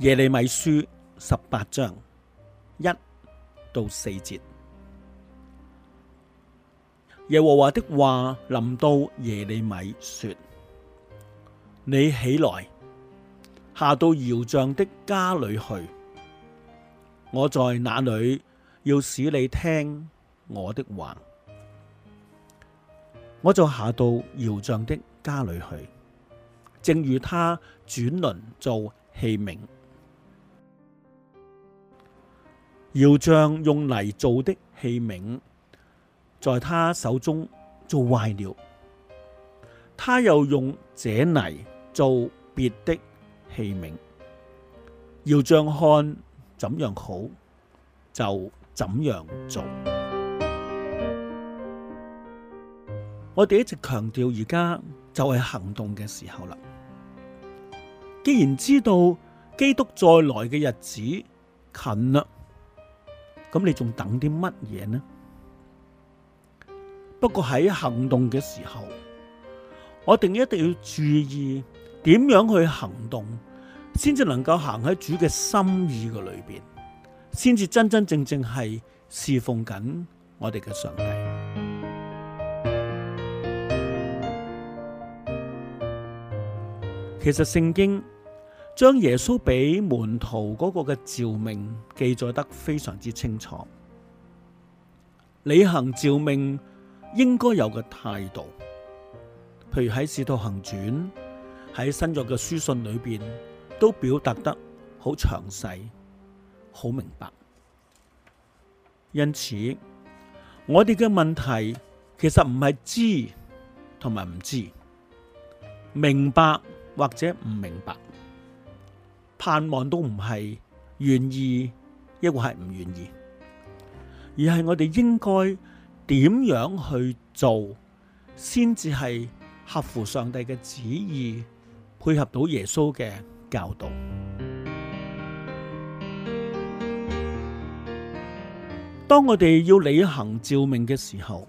耶利米書十八章一到四節，耶和華的話臨到耶利米說：你起來，下到窯匠的家裏去，我在那裏要使你聽我的話。我就下到窯匠的家裏去，正如他轉輪做器皿。要窯匠用泥做的器皿，在他手中做壞了，他又用這泥做別的器皿，要窯匠看怎樣好就怎樣做。我哋一直強調，而家就係行動嘅時候啦。既然知道基督再來嘅日子近啦。咁你仲等啲乜嘢呢？不過喺行動嘅時候，我哋一定要注意點樣去行動，先至能夠行喺主嘅心意嘅裏邊，先至真真正正係侍奉緊我哋嘅上帝。其實聖經。將耶穌俾門徒嗰個嘅召命記載得非常之清楚，履行召命應該有嘅態度，譬如喺《使徒行傳》喺新約嘅書信裏邊都表達得好詳細、好明白。因此，我哋嘅問題其實唔係知同埋唔知，明白或者唔明白。盼望都唔係願意，抑或係唔願意，而係我哋應該點樣去做，先至係合乎上帝嘅旨意，配合到耶穌嘅教導。當我哋要履行召命嘅時候，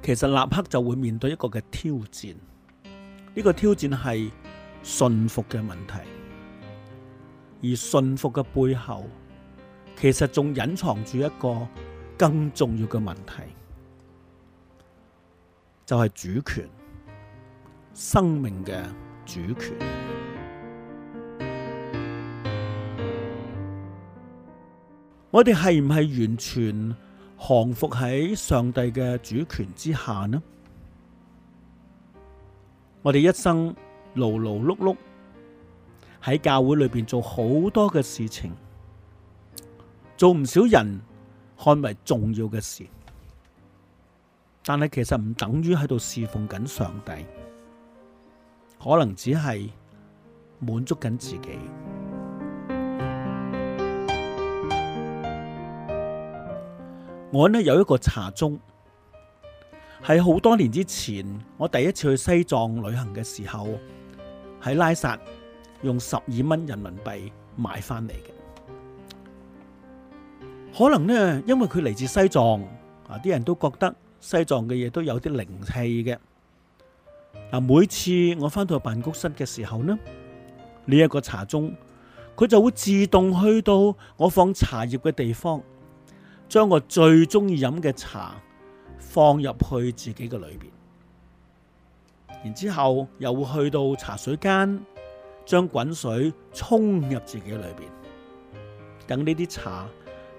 其實立刻就會面對一個嘅挑戰。呢個挑戰係順服嘅問題。而信服嘅背後，其實仲隱藏住一個更重要嘅問題，就係主權，生命嘅主權。我哋係唔係完全降服喺上帝嘅主權之下呢？我哋一生勞勞碌碌。喺教會裏邊做好多嘅事情，做唔少人看為重要嘅事，但係其實唔等於喺度侍奉緊上帝，可能只係滿足緊自己。我呢有一個查經，係好多年之前，我第一次去西藏旅行嘅時候喺拉薩。用十二蚊人民幣買翻嚟嘅，可能呢，因為佢嚟自西藏，啊啲人都覺得西藏嘅嘢都有啲靈氣嘅。每次我翻到辦公室嘅時候呢，呢、呢、一個茶盅，佢就會自動去到我放茶葉嘅地方，將我最中意飲嘅茶放入去自己嘅裏邊，然之後又會去到茶水間。將滾水沖入自己裏邊，等呢啲茶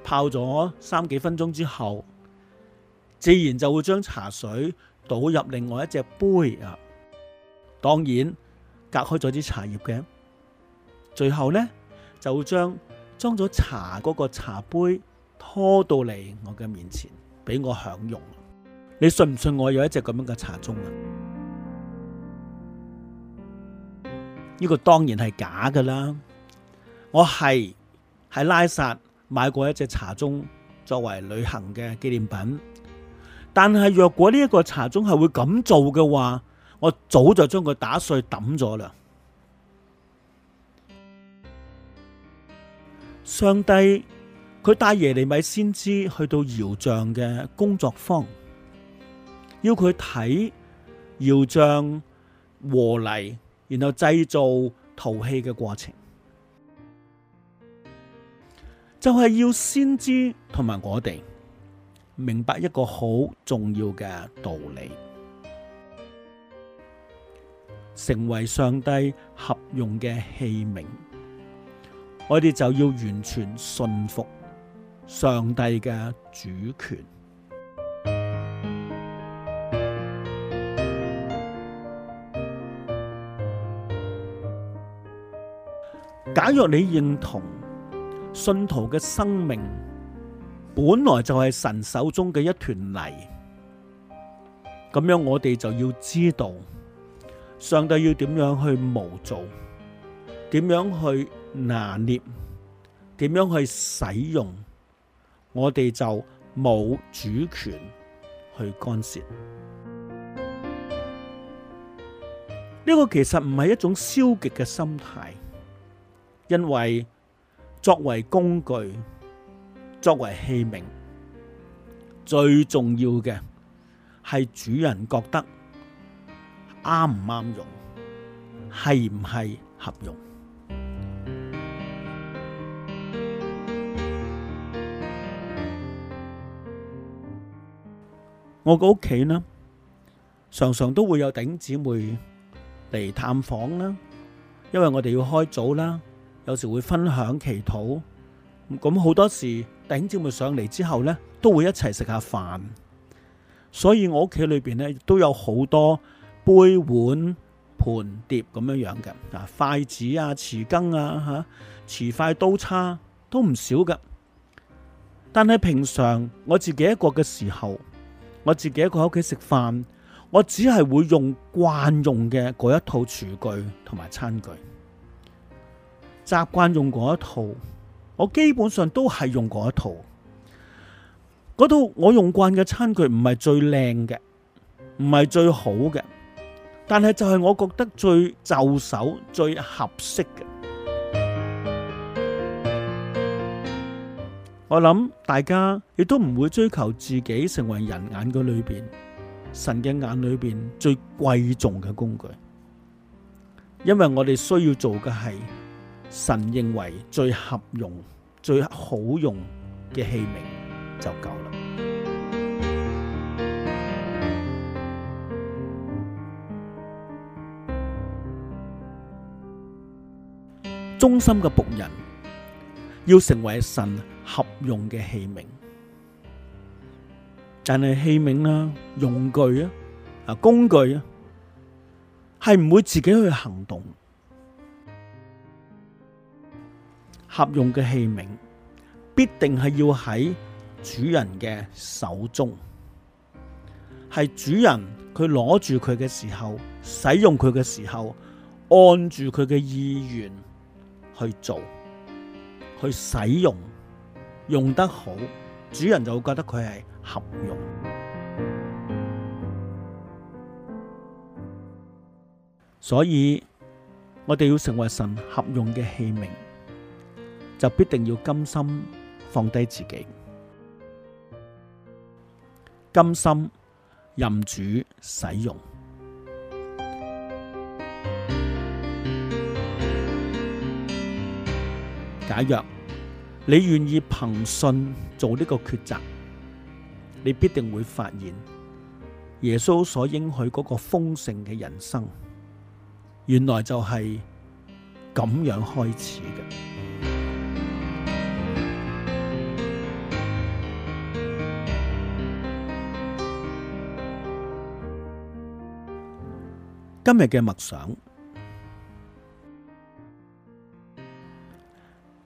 泡咗三幾分鐘之後，自然就會將茶水倒入另外一隻杯啊，當然隔開咗啲茶葉嘅。最後呢就會將裝咗茶嗰個茶杯拖到嚟我嘅面前，俾我享用。你信唔信我有一隻咁樣嘅茶盅啊？呢、這個當然係假噶啦！我係喺拉薩買過一隻茶盅作為旅行嘅紀念品，但係若果呢一個茶盅係會咁做嘅話，我早就將佢打碎抌咗啦。上帝，佢帶耶利米先知去到窯匠嘅工作坊，要佢睇窯匠和泥。然後製造陶器嘅過程，就係要先知同埋我哋明白一個好重要嘅道理，成為上帝合用嘅器皿，我哋就要完全信服上帝嘅主權。假若你認同信徒嘅生命本來就係神手中嘅一團泥，咁樣我哋就要知道上帝要點樣去模造，點樣去拿捏，點樣去使用，我哋就冇主權去干涉。呢個其實唔係一種消極嘅心態。因為作為工具、作為器皿，最重要嘅係主人覺得啱唔啱用，係唔係合用？我個屋企呢，常常都會有頂姊妹嚟探訪啦，因為我哋要開組啦。有時會分享祈禱，咁好多時弟兄姊妹上嚟之後呢，都會一齊食下飯。所以我屋企裏邊呢，都有好多杯碗盤碟咁樣樣嘅啊，筷子啊、匙羹啊、嚇匙筷刀叉都唔少㗎。但係平常我自己一個嘅時候，我自己一個喺屋企食飯，我只係會用慣用嘅嗰一套廚具同埋餐具。習慣用嗰一套，我基本上都係用嗰一套。嗰套我用慣嘅餐具唔係最靚嘅，唔係最好嘅，但係就係我覺得最就手、最合適嘅。我諗大家亦都唔會追求自己成為人眼嘅裏邊，神嘅眼裏邊最貴重嘅工具，因為我哋需要做嘅係。神認為最合用、最好用嘅器皿就夠啦。忠心嘅僕人要成為神合用嘅器皿，但係器皿啦、用具啊、啊工具啊，係唔會自己去行動。合用嘅器皿必定係要喺主人嘅手中，係主人佢攞住佢嘅時候，使用佢嘅時候，按住佢嘅意願去做，去使用，用得好，主人就會覺得佢係合用。所以我哋要成為神合用嘅器皿。就必定要甘心放低自己，甘心任主使用。假若你願意憑信做呢個抉擇，你必定會發現耶穌所應許嗰個豐盛嘅人生，原來就係咁樣開始嘅。今日嘅默想，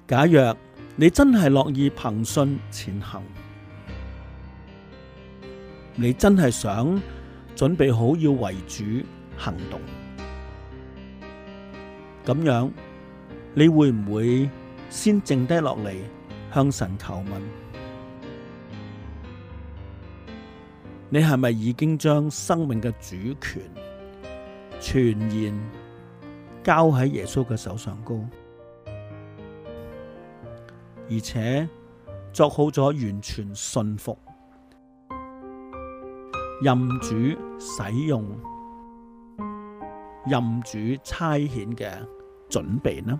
假若你真係樂意憑信前行，你真係想準備好要為主行動，咁樣你會唔會先靜低落嚟，向神求問？你係咪已經將生命嘅主權？全然交喺耶穌嘅手上高，而且作好咗完全信服、任主使用、任主差遣嘅準備呢？